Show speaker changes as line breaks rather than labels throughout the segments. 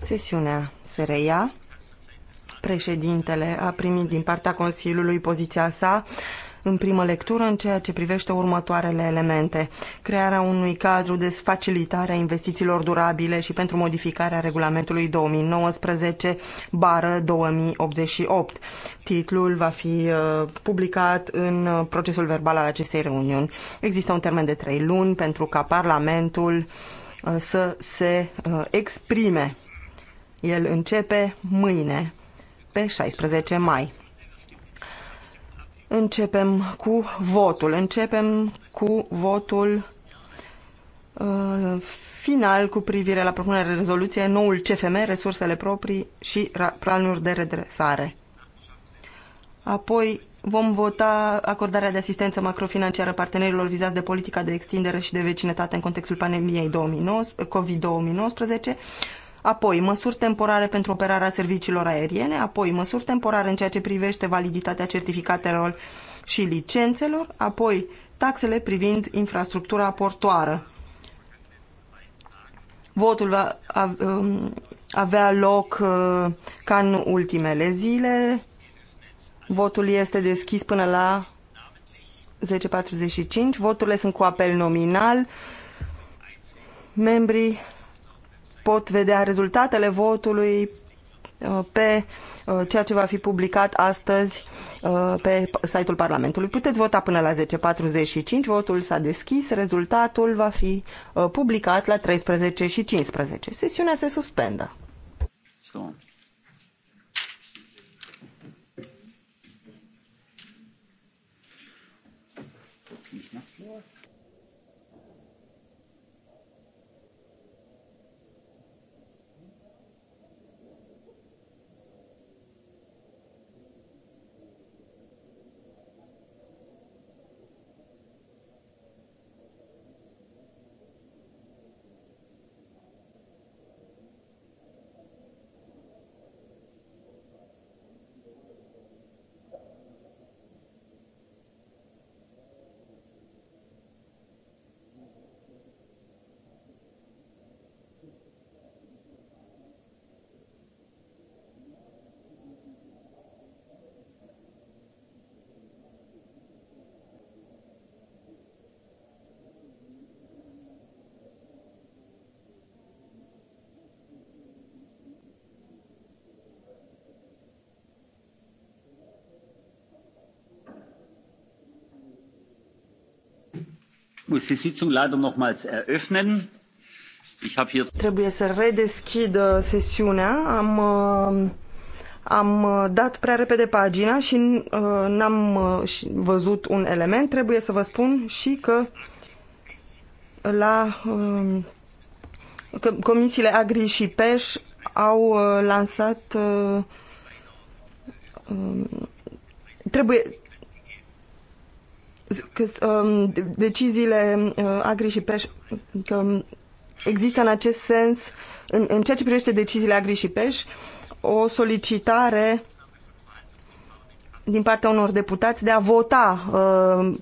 Sesiunea se reia. Președintele a primit din partea Consiliului poziția sa în primă lectură în ceea ce privește următoarele elemente. Crearea unui cadru de facilitare a investițiilor durabile și pentru modificarea regulamentului 2019 bară 2088. Titlul va fi uh, publicat în uh, procesul verbal al acestei reuniuni. Există un termen de trei luni pentru ca Parlamentul Uh, să se uh, exprime. El începe mâine, pe 16 mai. Începem cu votul. Începem cu votul uh, final cu privire la propunerea de rezoluție, noul CFM, resursele proprii și planuri de redresare. Apoi Vom vota acordarea de asistență macrofinanciară partenerilor vizați de politica de extindere și de vecinătate în contextul pandemiei COVID-19, apoi măsuri temporare pentru operarea serviciilor aeriene, apoi măsuri temporare în ceea ce privește validitatea certificatelor și licențelor, apoi taxele privind infrastructura portoară. Votul va um, avea loc uh, ca în ultimele zile Votul este deschis până la 10.45. Voturile sunt cu apel nominal. Membrii pot vedea rezultatele votului uh, pe uh, ceea ce va fi publicat astăzi uh, pe site-ul Parlamentului. Puteți vota până la 10.45, votul s-a deschis, rezultatul va fi publicat la 13:15. Sesiunea se suspendă. So. Trebuie să redeschid uh, sesiunea. Am, uh, am uh, dat prea repede pagina și n-am văzut un element. Trebuie să vă spun și că la um, că comisiile Agri și Peș au lansat um, trebuie Um, deciziile uh, agri și pești, că există în acest sens, în, în ceea ce privește deciziile agri și pești, o solicitare din partea unor deputați de a vota uh,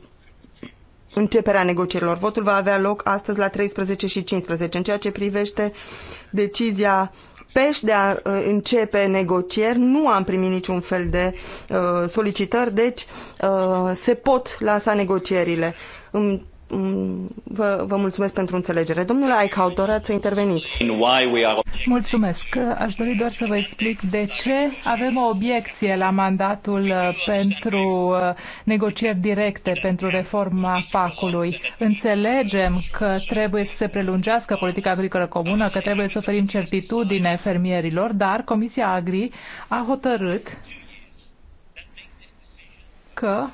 începerea negocierilor. Votul va avea loc astăzi la 13 și 15. În ceea ce privește decizia pești de a uh, începe negocieri. Nu am primit niciun fel de uh, solicitări, deci uh, se pot lansa negocierile. Îmi Mm, vă, vă mulțumesc pentru înțelegere. Domnule Aicaut,
doreați să
interveniți.
Mulțumesc. Aș dori doar să vă explic de ce avem o obiecție la mandatul uh, pentru uh, negocieri directe pentru reforma PAC-ului. Înțelegem că trebuie să se prelungească politica agricolă comună, că trebuie să oferim certitudine fermierilor, dar Comisia Agri a hotărât că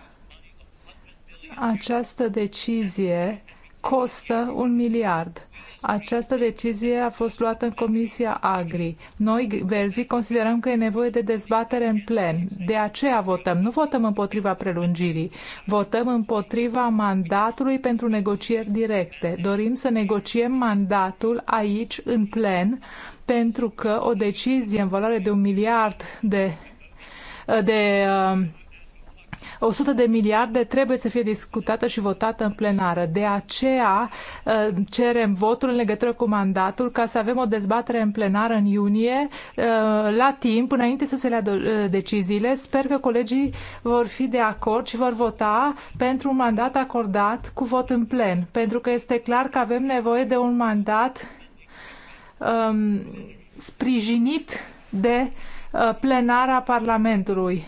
această decizie costă un miliard. Această decizie a fost luată în Comisia Agri. Noi, verzii, considerăm că e nevoie de dezbatere în plen. De aceea votăm. Nu votăm împotriva prelungirii. Votăm împotriva mandatului pentru negocieri directe. Dorim să negociem mandatul aici, în plen, pentru că o decizie în valoare de un miliard de, de uh, 100 de miliarde trebuie să fie discutată și votată în plenară. De aceea uh, cerem votul în legătură cu mandatul ca să avem o dezbatere în plenară în iunie uh, la timp, înainte să se lea uh, deciziile. Sper că colegii vor fi de acord și vor vota pentru un mandat acordat cu vot în plen, pentru că este clar că avem nevoie de un mandat um, sprijinit de plenara Parlamentului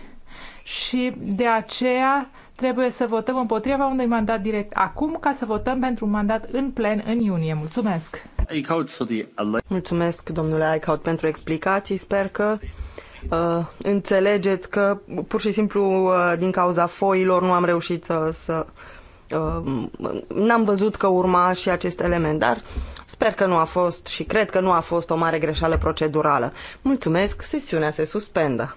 și de aceea trebuie să votăm împotriva unui mandat direct acum ca să votăm pentru un mandat în plen în iunie. Mulțumesc!
Mulțumesc, domnule Aicaut, pentru explicații. Sper că uh, înțelegeți că pur și simplu uh, din cauza foilor nu am reușit să... să uh, n-am văzut că urma și acest element, dar sper că nu a fost și cred că nu a fost o mare greșeală procedurală. Mulțumesc, sesiunea se suspendă.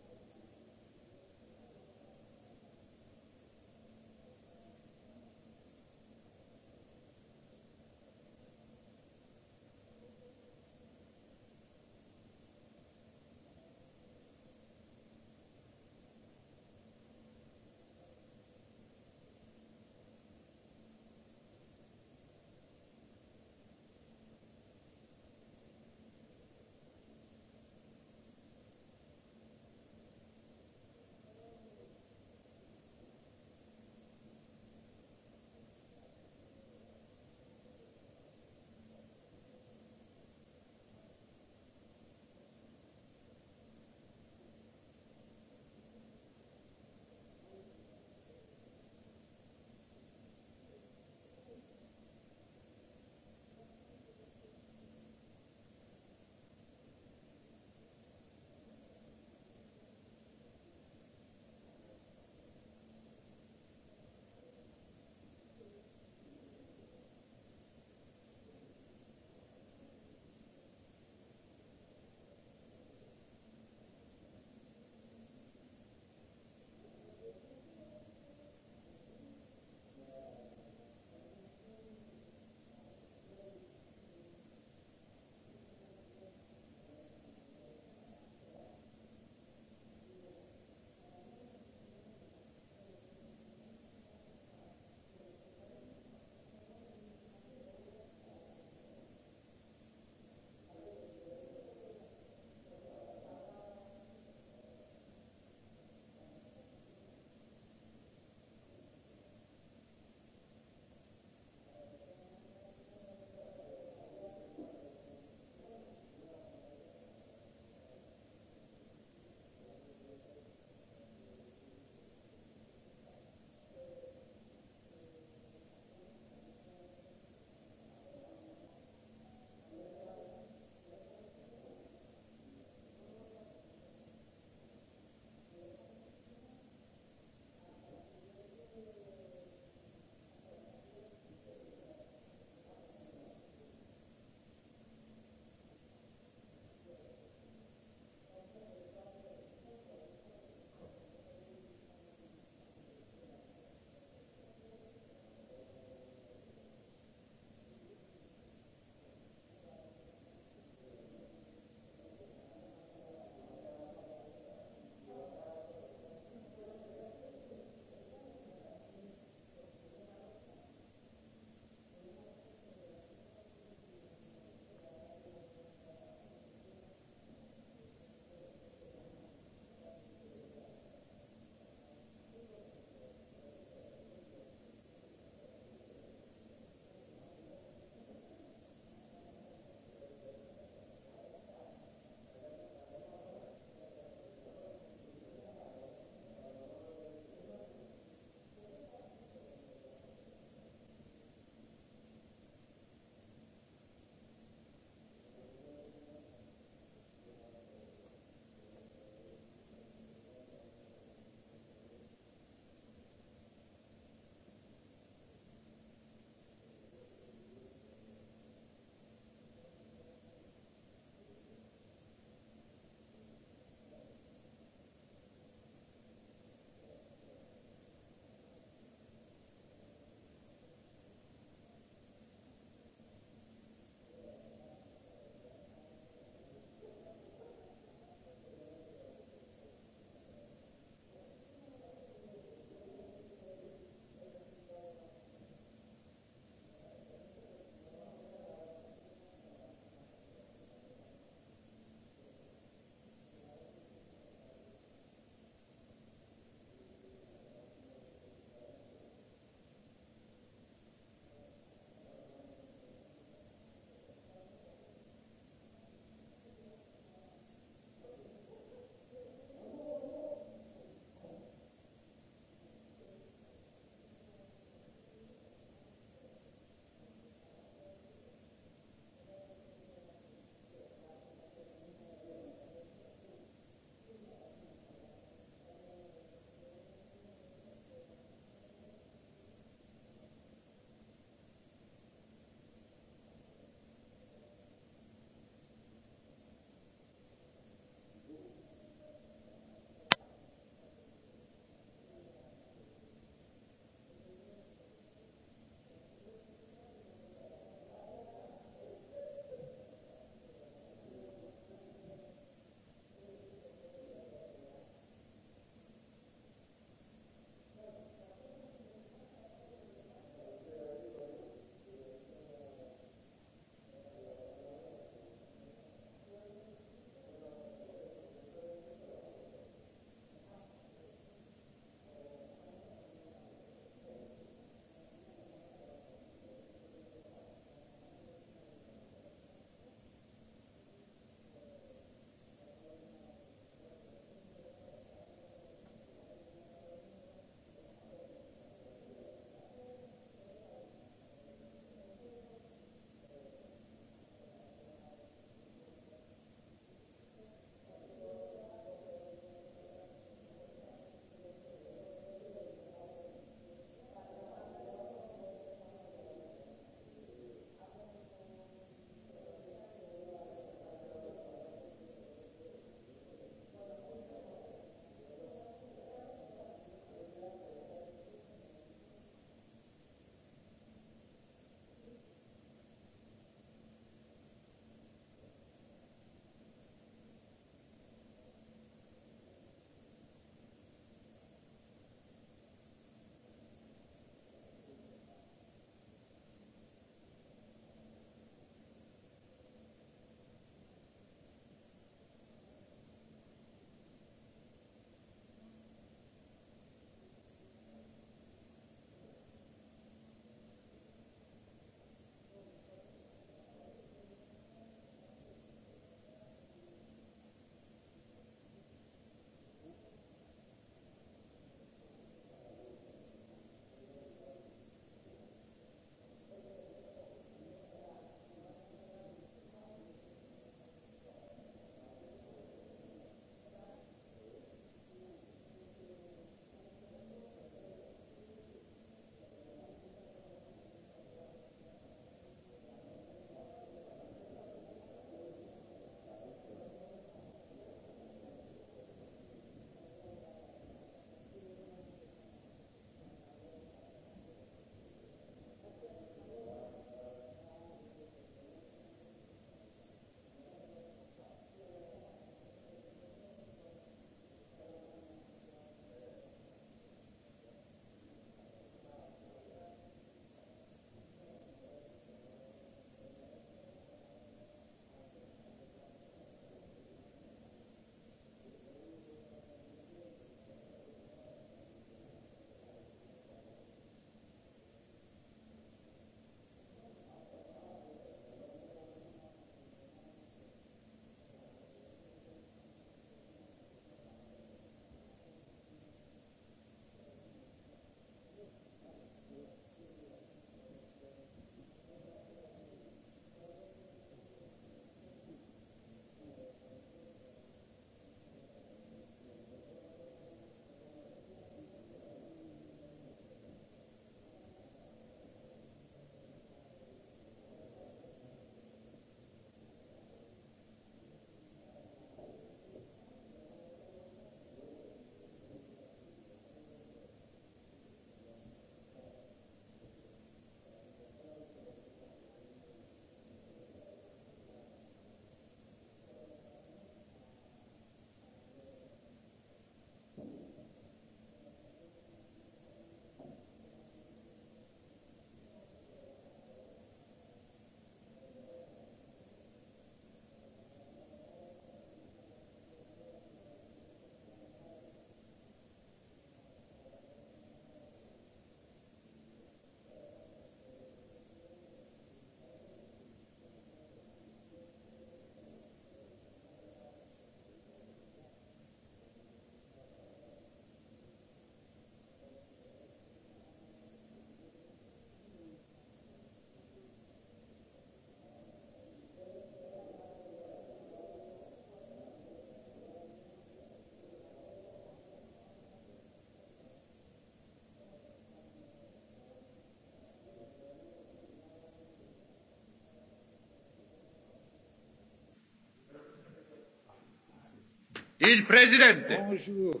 Il presidente. Bonjour.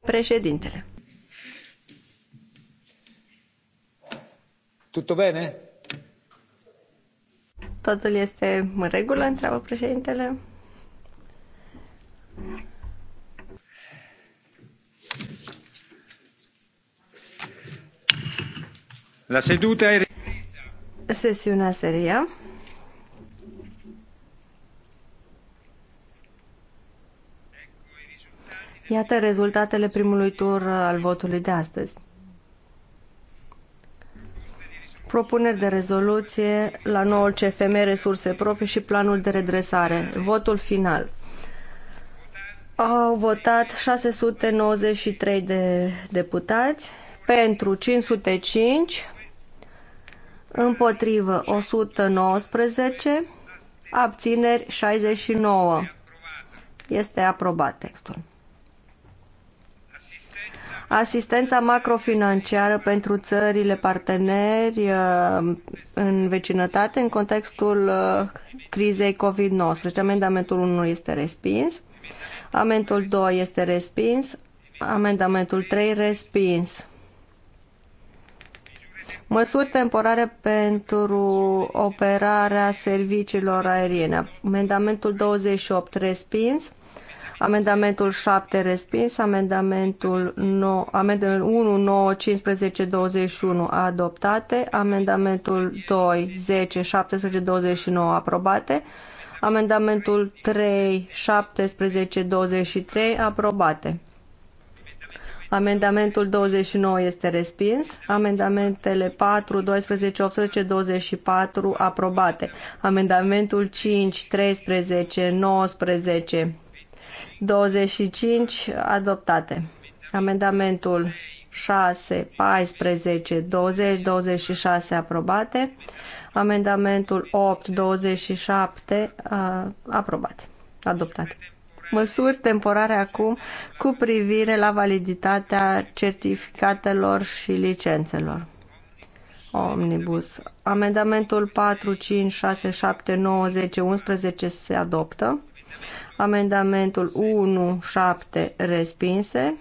Președintele.
Tutto bene?
Totul este în regulă, întreabă președintele.
La seduta e
Sesiunea seria. Iată rezultatele primului tur al votului de astăzi. Propuneri de rezoluție la noul CFM Resurse Proprii și planul de redresare. Votul final. Au votat 693 de deputați pentru 505, împotrivă 119, abțineri 69. Este aprobat textul asistența macrofinanciară pentru țările parteneri uh, în vecinătate în contextul uh, crizei COVID-19. Amendamentul 1 este respins, amendamentul 2 este respins, amendamentul 3 respins. Măsuri temporare pentru operarea serviciilor aeriene. Amendamentul 28 respins. Amendamentul 7 respins, amendamentul, 9, amendamentul 1, 9, 15, 21 adoptate, amendamentul 2, 10, 17, 29 aprobate, amendamentul 3, 17, 23 aprobate. Amendamentul 29 este respins. Amendamentele 4, 12, 18, 24 aprobate. Amendamentul 5, 13, 19 25 adoptate. Amendamentul 6, 14, 20, 26 aprobate. Amendamentul 8, 27 uh, aprobate, adoptate. Măsuri temporare acum cu privire la validitatea certificatelor și licențelor. Omnibus. Amendamentul 4, 5, 6, 7, 9, 10, 11 se adoptă amendamentul 1, 7 respinse,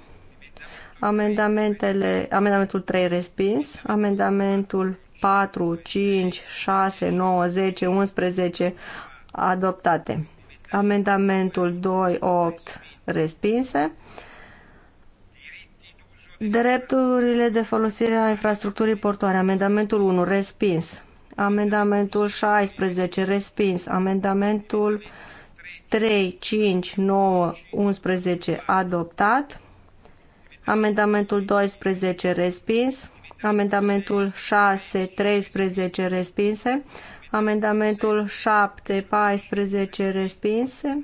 amendamentele, amendamentul 3 respins, amendamentul 4, 5, 6, 9, 10, 11 adoptate. Amendamentul 2, 8 respinse. Drepturile de folosire a infrastructurii portoare. Amendamentul 1 respins. Amendamentul 16 respins. Amendamentul 3, 5, 9, 11 adoptat, amendamentul 12 respins, amendamentul 6, 13 respinse, amendamentul 7, 14 respinse,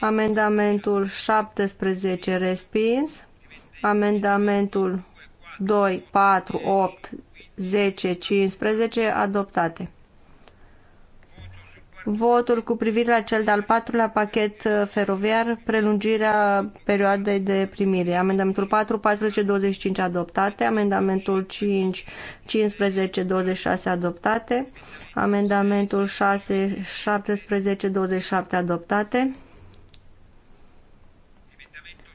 amendamentul 17 respins, amendamentul 2, 4, 8, 10, 15 adoptate votul cu privire la cel de-al patrulea pachet uh, feroviar, prelungirea perioadei de primire. Amendamentul 4, 14, 25 adoptate, amendamentul 5, 15, 26 adoptate, amendamentul 6, 17, 27 adoptate,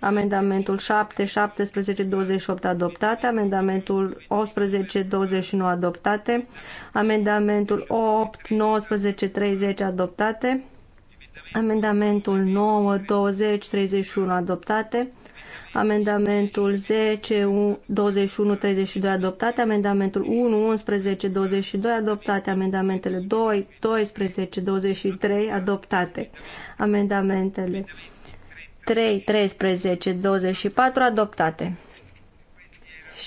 amendamentul 7, 17, 28 adoptate, amendamentul 18, 29 adoptate, amendamentul 8, 19, 30 adoptate, amendamentul 9, 20, 31 adoptate, amendamentul 10, 21, 32 adoptate, amendamentul 1, 11, 22 adoptate, amendamentele 2, 12, 23 adoptate, amendamentele 3, 13, 24 adoptate.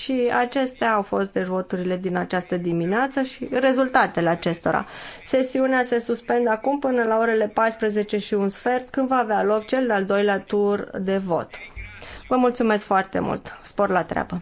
Și acestea au fost deci voturile din această dimineață și rezultatele acestora. Sesiunea se suspendă acum până la orele 14 și un sfert, când va avea loc cel de-al doilea tur de vot. Vă mulțumesc foarte mult! Spor la treabă!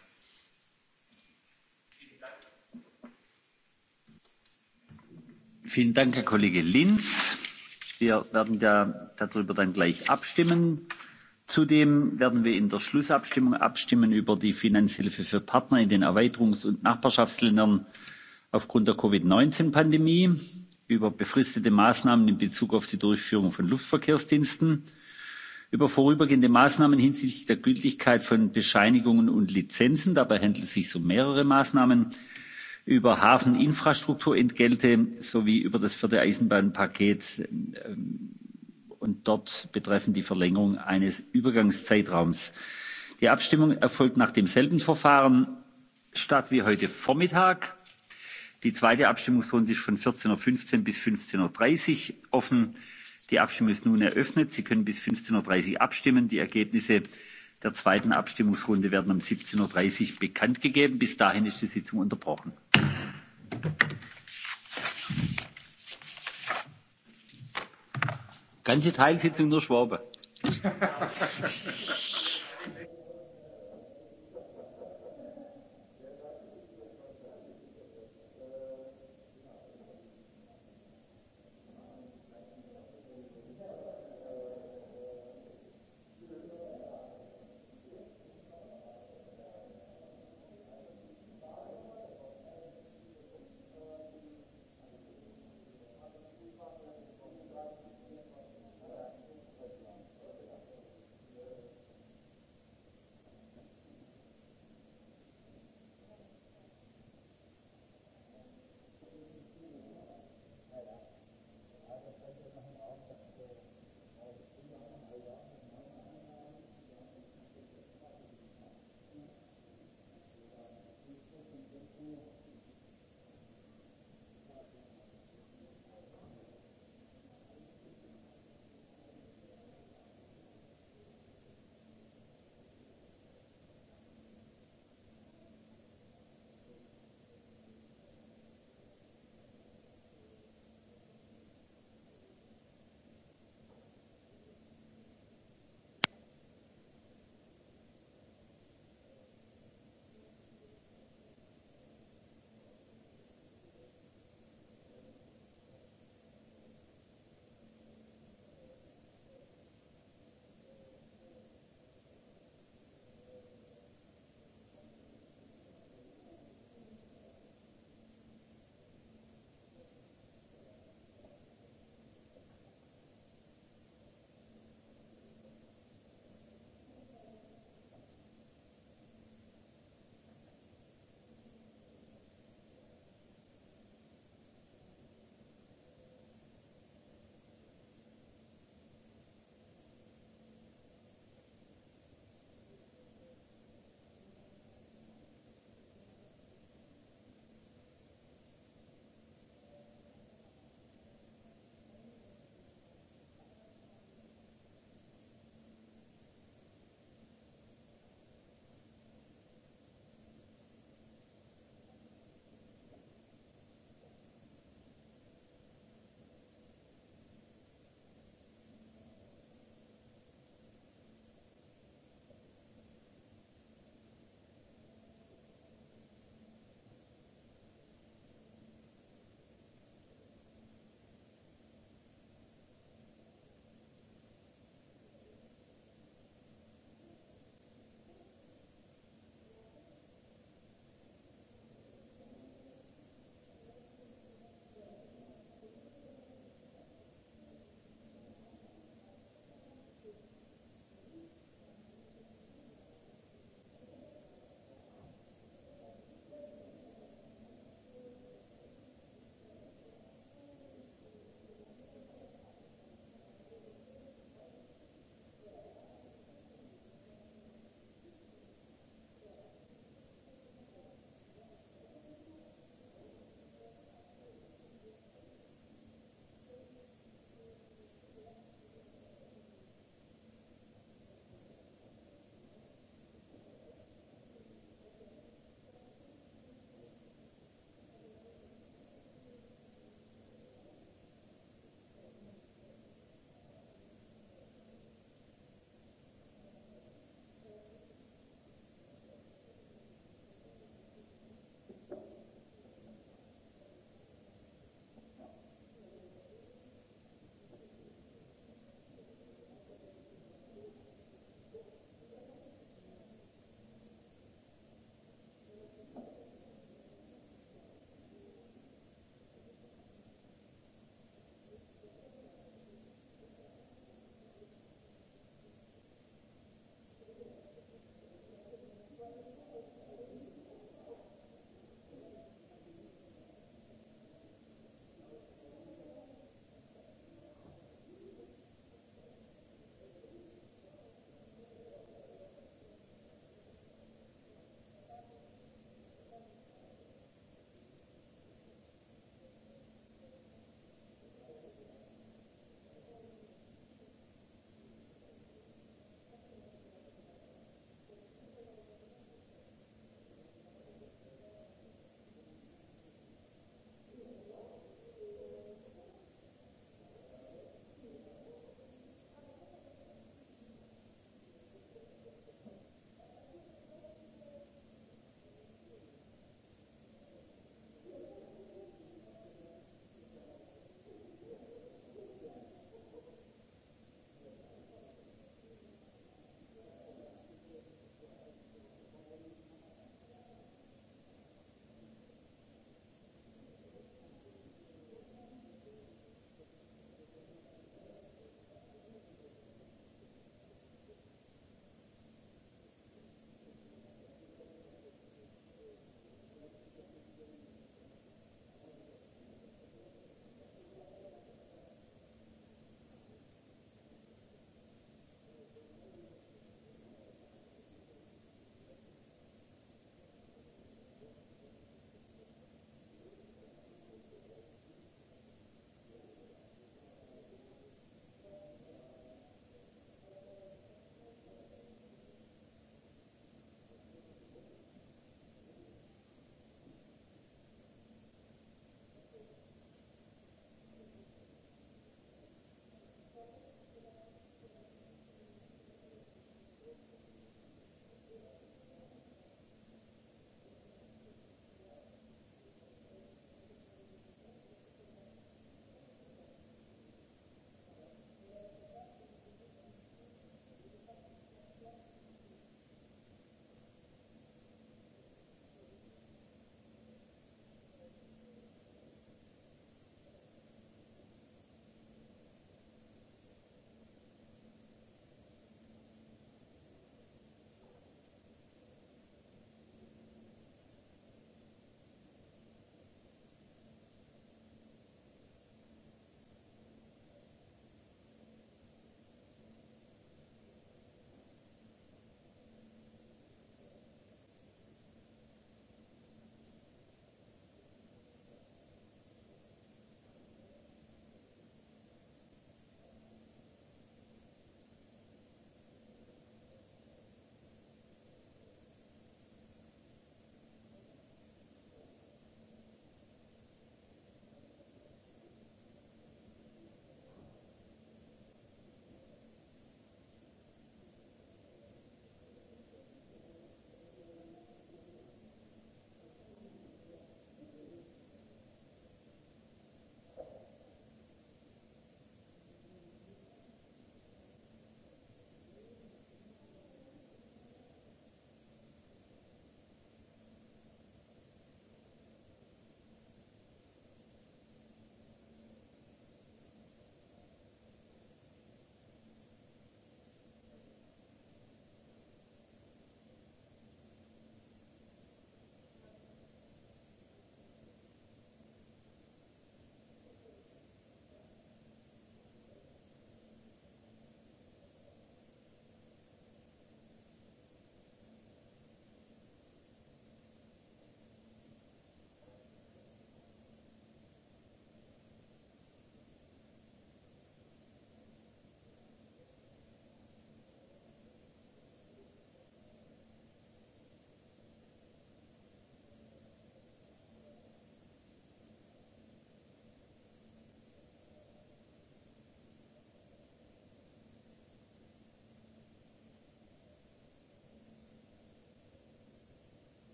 Vielen Dank, Herr Kollege Linz.
Wir werden da, darüber dann gleich abstimmen. Zudem werden wir in der Schlussabstimmung abstimmen über die Finanzhilfe für Partner in den Erweiterungs- und Nachbarschaftsländern aufgrund der Covid-19-Pandemie, über befristete Maßnahmen in Bezug auf die Durchführung von Luftverkehrsdiensten, über vorübergehende Maßnahmen hinsichtlich der Gültigkeit von Bescheinigungen und Lizenzen. Dabei handelt es sich um mehrere Maßnahmen über hafeninfrastrukturentgelte sowie über das vierte eisenbahnpaket ähm, und dort betreffend die verlängerung eines übergangszeitraums. die abstimmung erfolgt nach demselben verfahren statt wie heute vormittag. die zweite abstimmungsrunde ist von. vierzehn fünfzehn bis. fünfzehn dreißig uhr offen. die abstimmung ist nun eröffnet. sie können bis. fünfzehn dreißig uhr abstimmen. die ergebnisse der zweiten abstimmungsrunde werden um. siebzehn dreißig uhr bekanntgegeben. bis dahin ist die sitzung unterbrochen ganze teilsitzung nur schwabe.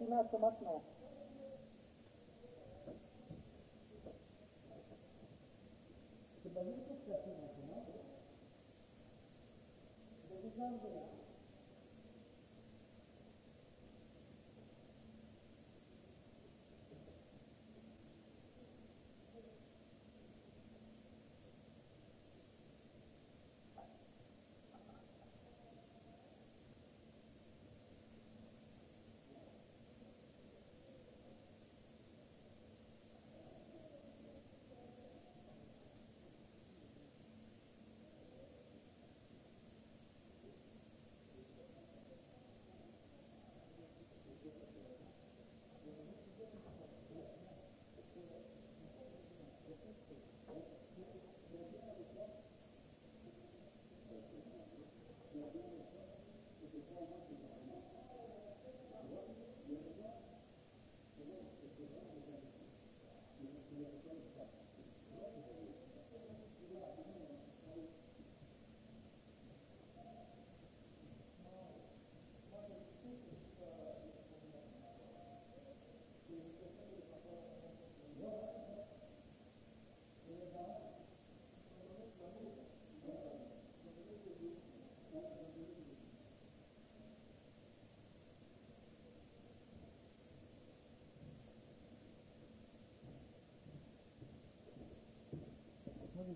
primat som att nå. Thank you.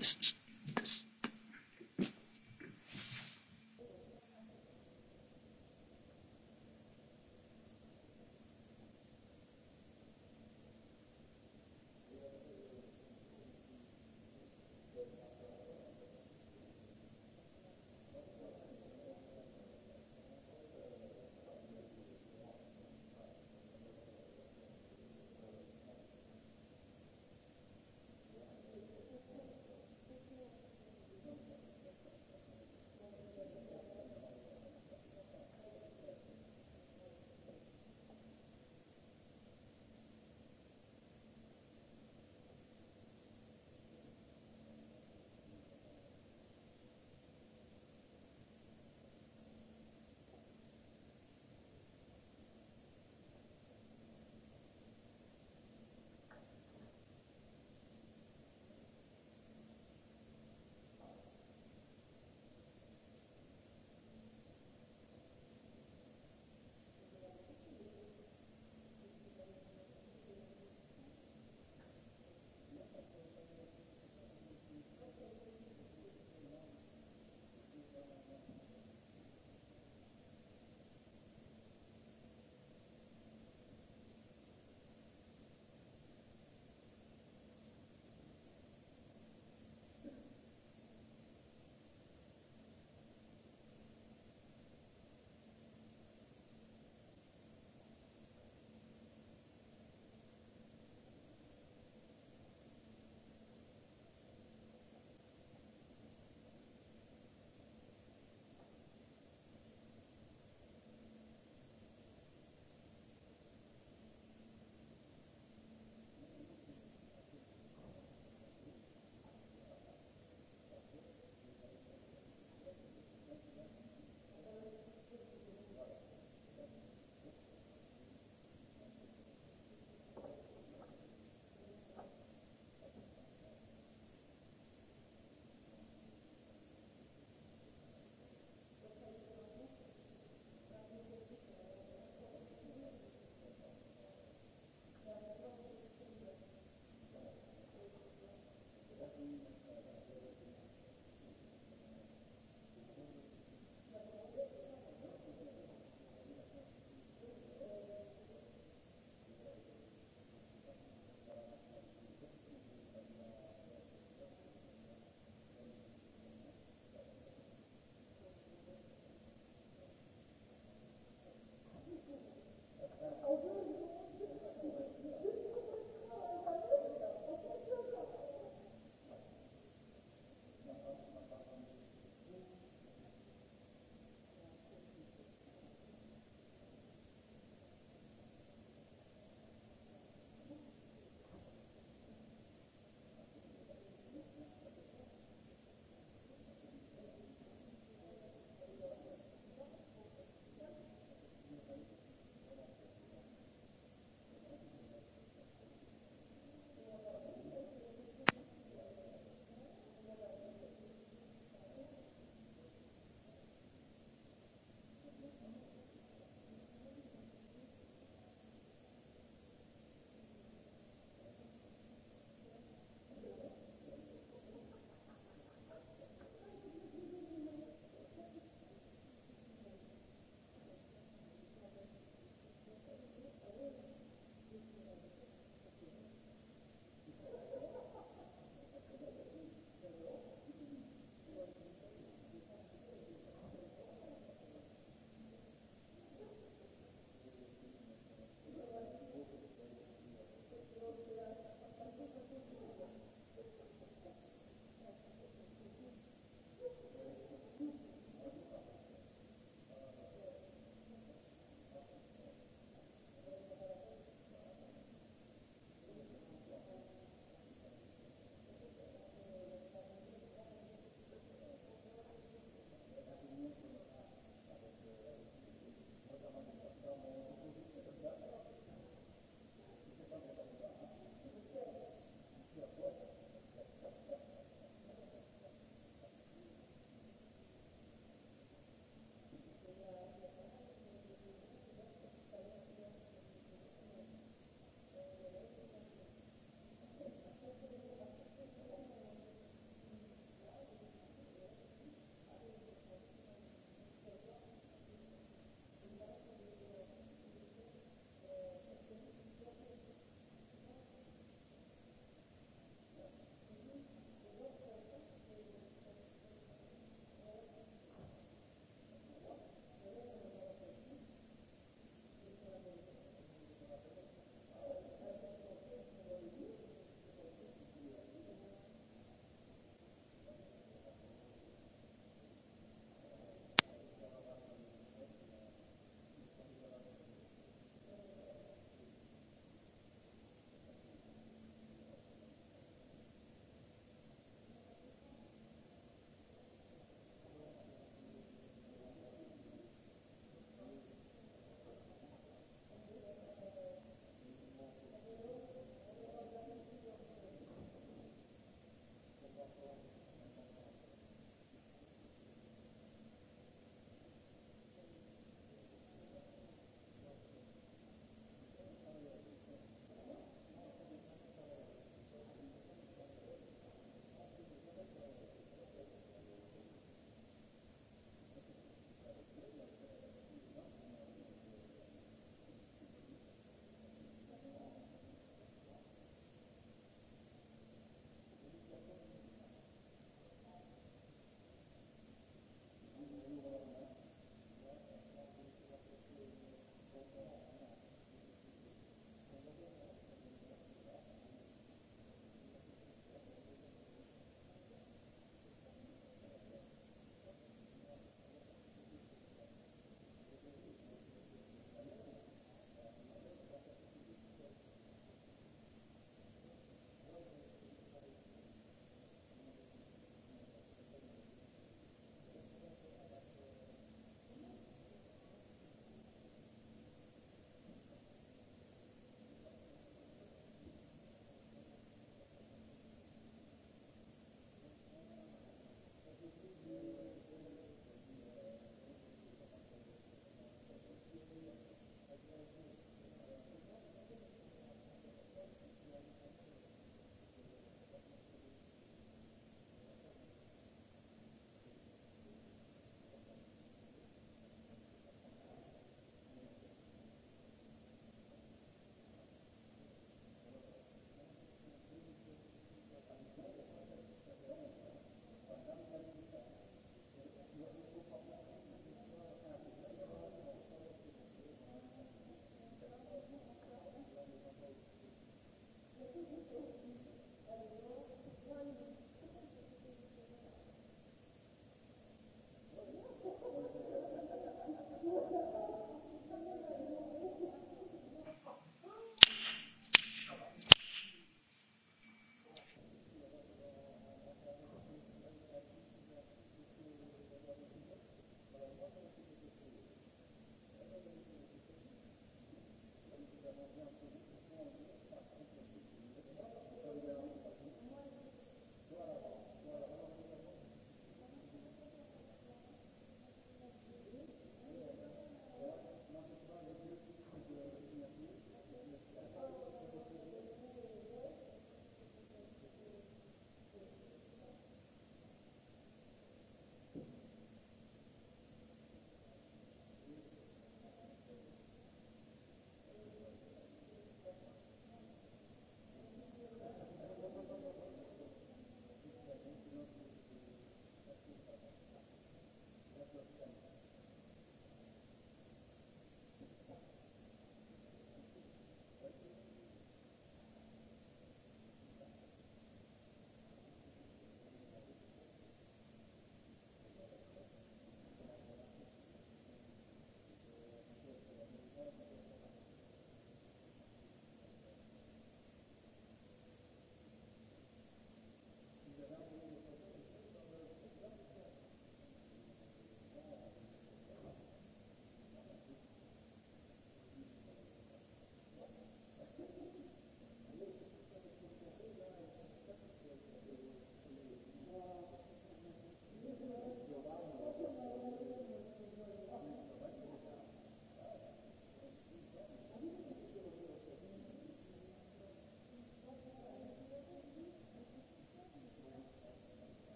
artists.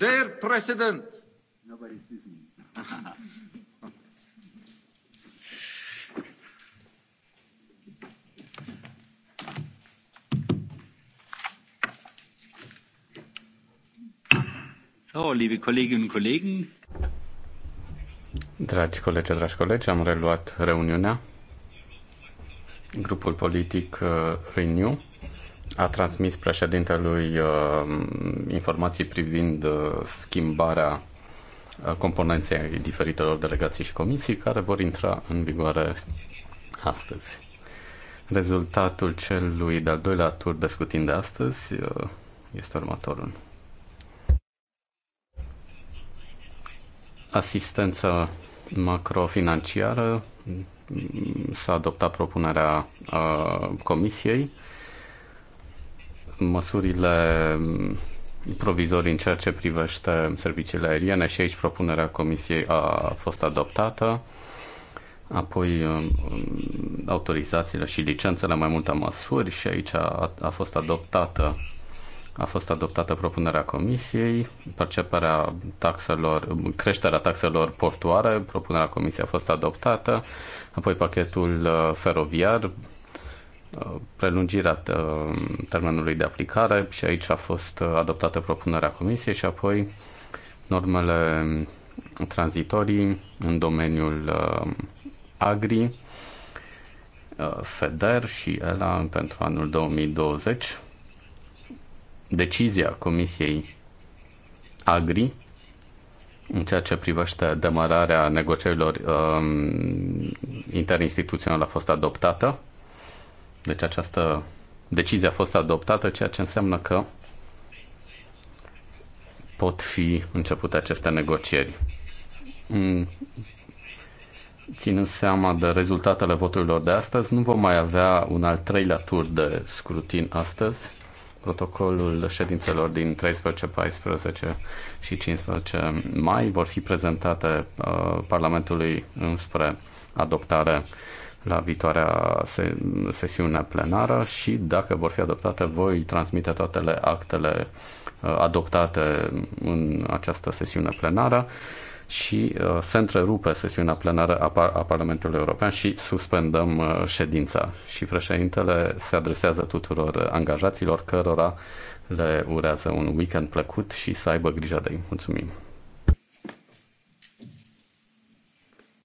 Dear President.
So, liebe Kolleginnen und Kollegen.
Dragi colegi, dragi colegi, am reluat reuniunea. Grupul politic uh, Renew a transmis președintelui uh, informații privind uh, schimbarea uh, componenței diferitelor delegații și comisii care vor intra în vigoare astăzi. Rezultatul celui de-al doilea tur de scutin de astăzi este următorul. Asistența macrofinanciară s-a adoptat propunerea Comisiei măsurile mm, provizorii în ceea ce privește serviciile aeriene și aici propunerea Comisiei a fost adoptată. Apoi mm, mm, autorizațiile și licențele mai multe măsuri și aici a, a fost adoptată a fost adoptată propunerea Comisiei, perceperea taxelor, creșterea taxelor portoare, propunerea Comisiei a fost adoptată, apoi pachetul uh, feroviar, prelungirea uh, termenului de aplicare și aici a fost uh, adoptată propunerea Comisiei și apoi normele tranzitorii în domeniul uh, agri, FEDER și ELA pentru anul 2020. Decizia Comisiei Agri în ceea ce privește demararea negocierilor um, interinstituționale a fost adoptată deci această decizie a fost adoptată, ceea ce înseamnă că pot fi începute aceste negocieri. Mm, ținând seama de rezultatele voturilor de astăzi, nu vom mai avea un al treilea tur de scrutin astăzi. Protocolul ședințelor din 13, 14 și 15 mai vor fi prezentate uh, Parlamentului înspre adoptare la viitoarea se- sesiune plenară și dacă vor fi adoptate, voi transmite toate actele uh, adoptate în această sesiune plenară și uh, se întrerupe sesiunea plenară a Parlamentului European și suspendăm uh, ședința. Și președintele se adresează tuturor angajaților cărora le urează un weekend plăcut și să aibă grijă de ei. Mulțumim!